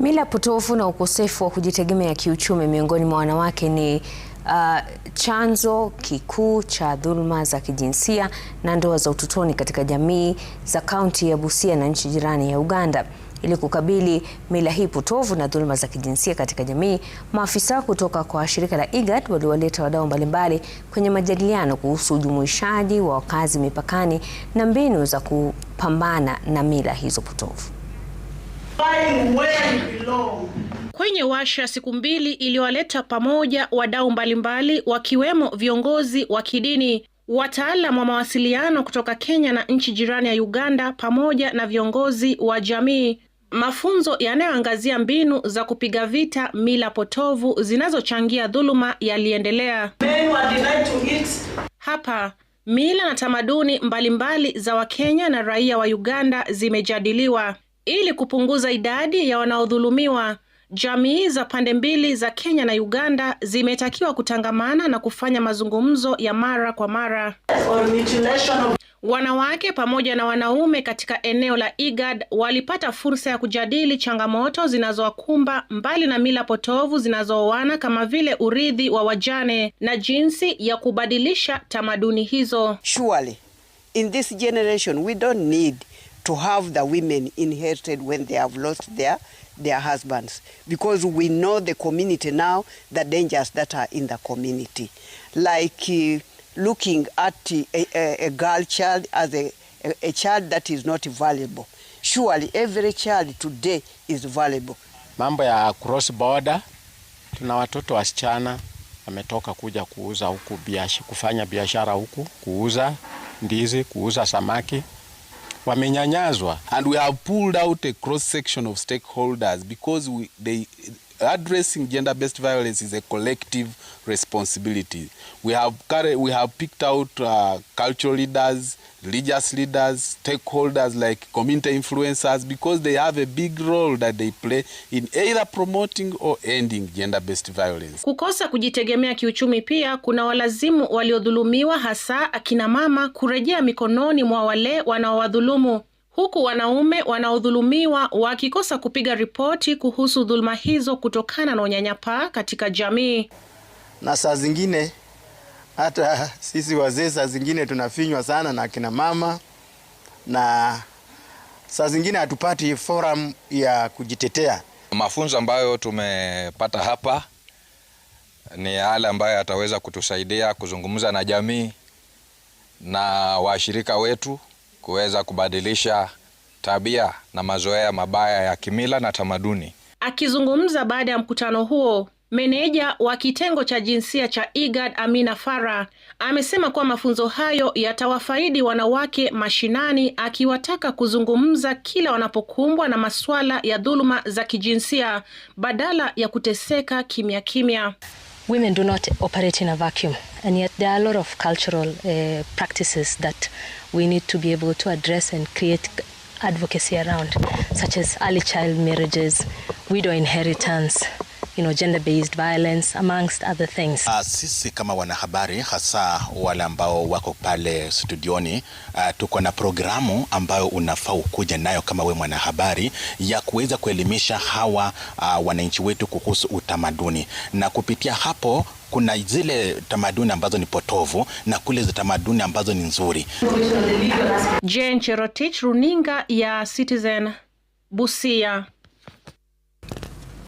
Mila potofu na ukosefu wa kujitegemea kiuchumi miongoni mwa wanawake ni uh, chanzo kikuu cha dhuluma za kijinsia na ndoa za utotoni katika jamii za kaunti ya Busia na nchi jirani ya Uganda. Ili kukabili mila hii potovu na dhuluma za kijinsia katika jamii, maafisa kutoka kwa shirika la IGAD waliwaleta wadau mbalimbali kwenye majadiliano kuhusu ujumuishaji wa wakazi mipakani na mbinu za kupambana na mila hizo potovu. Kwenye washa siku mbili iliyowaleta pamoja wadau mbalimbali wakiwemo viongozi wa kidini, wataalam wa mawasiliano kutoka Kenya na nchi jirani ya Uganda pamoja na viongozi wa jamii, mafunzo yanayoangazia mbinu za kupiga vita mila potovu zinazochangia dhuluma yaliendelea. Hapa mila na tamaduni mbalimbali mbali za Wakenya na raia wa Uganda zimejadiliwa. Ili kupunguza idadi ya wanaodhulumiwa, jamii za pande mbili za Kenya na Uganda zimetakiwa kutangamana na kufanya mazungumzo ya mara kwa mara. Wanawake pamoja na wanaume katika eneo la IGAD walipata fursa ya kujadili changamoto zinazowakumba mbali na mila potovu zinazooana kama vile urithi wa wajane na jinsi ya kubadilisha tamaduni hizo. Surely, in this generation, we don't need to have the women inherited when they have lost their, their husbands because we know the community now, the dangers that are in the community. Like uh, looking at a, a, a, girl child as a, a, a child that is not valuable. Surely every child today is valuable. Mambo ya cross border, tuna watoto wasichana ametoka kuja kuuza huku biashara, kufanya biashara huku, kuuza ndizi, kuuza samaki wamenyanyazwa and we have pulled out a cross section of stakeholders because we, they addressing gender-based violence is a collective responsibility. We have, we have picked out uh, cultural leaders, religious leaders, stakeholders like community influencers because they have a big role that they play in either promoting or ending gender-based violence. Kukosa kujitegemea kiuchumi pia kuna walazimu waliodhulumiwa hasa akina mama kurejea mikononi mwa wale wanaowadhulumu huku wanaume wanaodhulumiwa wakikosa kupiga ripoti kuhusu dhuluma hizo kutokana na unyanyapaa katika jamii. Na saa zingine hata sisi wazee saa zingine tunafinywa sana na kina mama, na saa zingine hatupati forum ya kujitetea. Mafunzo ambayo tumepata hapa ni yale ambayo yataweza kutusaidia kuzungumza na jamii na washirika wetu kuweza kubadilisha tabia na mazoea mabaya ya kimila na tamaduni. Akizungumza baada ya mkutano huo, meneja wa kitengo cha jinsia cha IGAD Amina fara amesema kuwa mafunzo hayo yatawafaidi wanawake mashinani, akiwataka kuzungumza kila wanapokumbwa na masuala ya dhuluma za kijinsia badala ya kuteseka kimya kimya women do not operate in a vacuum, and yet there are a lot of cultural uh, practices that we need to be able to address and create advocacy around, such as early child marriages, widow inheritance, you know, gender-based violence amongst other things. Uh, sisi kama wanahabari hasa wale ambao wako pale studioni uh, tuko na programu ambayo unafaa ukuja nayo kama we mwanahabari ya kuweza kuelimisha hawa uh, wananchi wetu kuhusu utamaduni na kupitia hapo kuna zile tamaduni ambazo ni potovu na kule za tamaduni ambazo ni nzuri. Jane Cherotich, runinga ya Citizen, Busia.